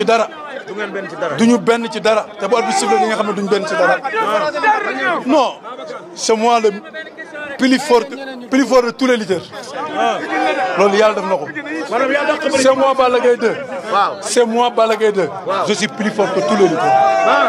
ci dara duñu benn ci dara te bu arbitre sifflé li nga xam ne duñu benn ci dara non c'est le plus fort plus fort de tous les lutteurs ah. loolu yàlla def na ko c'est moi Balla Gaye 2 c'est moi Balla Gaye 2 je suis plus fort tous les lutteurs ah.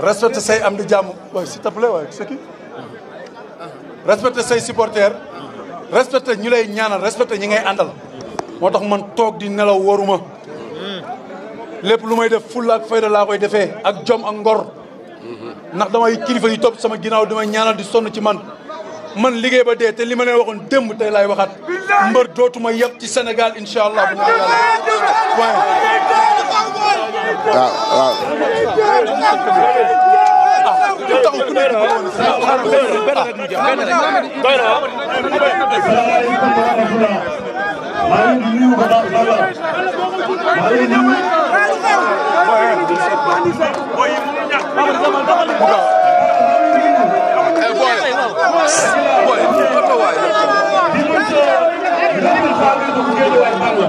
respecté sey am di jàmm waaye s'il te plaît waaye c'est qui respecté say supporters ñu lay ñaanal respecté ñi ngay àndal moo tax man toog di nelaw waruma lépp lu may def fulla ak fayda laa koy defee ak jom a ngor ndax damay kilifa yu topp sama ginnaaw damay ñaanal di sonn ci man man liggéey ba dee te li ma leen waxoon démb tey laay waxaat mbër dootuma yëpp ci Sénégal incha allah bu ma yàlla waaw waaw. maa ngi nuyu ko baax a baax maa ngi nuyu.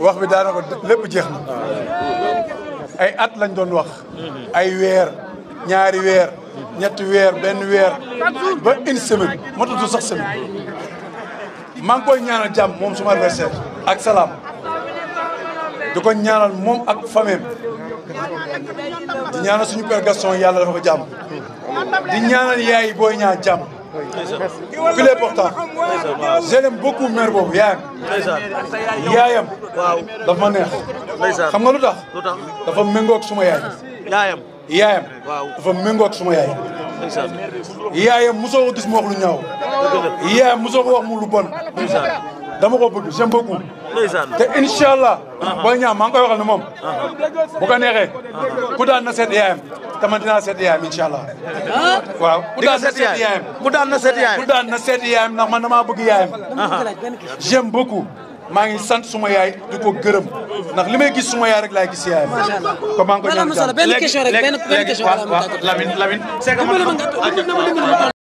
wax bi daanaka lépp jeex na ay at lañ doon wax ay weer ñaari weer ñetti weer benn weer ba moo semaine motatu sax semaine maa ngi koy ñaanal jàmm moom suma adversaire ak salaam di ko ñaanal moom ak famem di ñaanal suñu père Gaston yàlla dafa ko jàmm di ñaanal yaay booy ñaa jàmm il est important je l'aime beaucoup mère boobu yaayam. yaayam. waaw dafa ma neex. xam nga lu tax. lu tax dafa méngóog suma yaay. yaayam. yaayam. waaw dafa méngóog suma yaay. yaayam mosoo ko mu wax lu ñaaw. yaayam mosoo wax mu lu bon. dama ko bëgg j'aime beaucoup. te uh-huh. booy ñaam maa ngi koy waxal ne moom. Uh-huh. bu ko neexee. ku daan na seet yaayam te man dinaa seet yaayam incha waaw ku daan na seet yaayam ku daan na seet yaayam. ku daan na seet yaayam ndax man bëgg yaayam. Uh-huh. j'aime beaucoup. maa ngi sant suma yaay di ko gërëm ndax li may gis suma yaay rek laay gis yaayam. macha allah kon maa ngi ko ñaan benn question rek benn question. Lamine Lamine.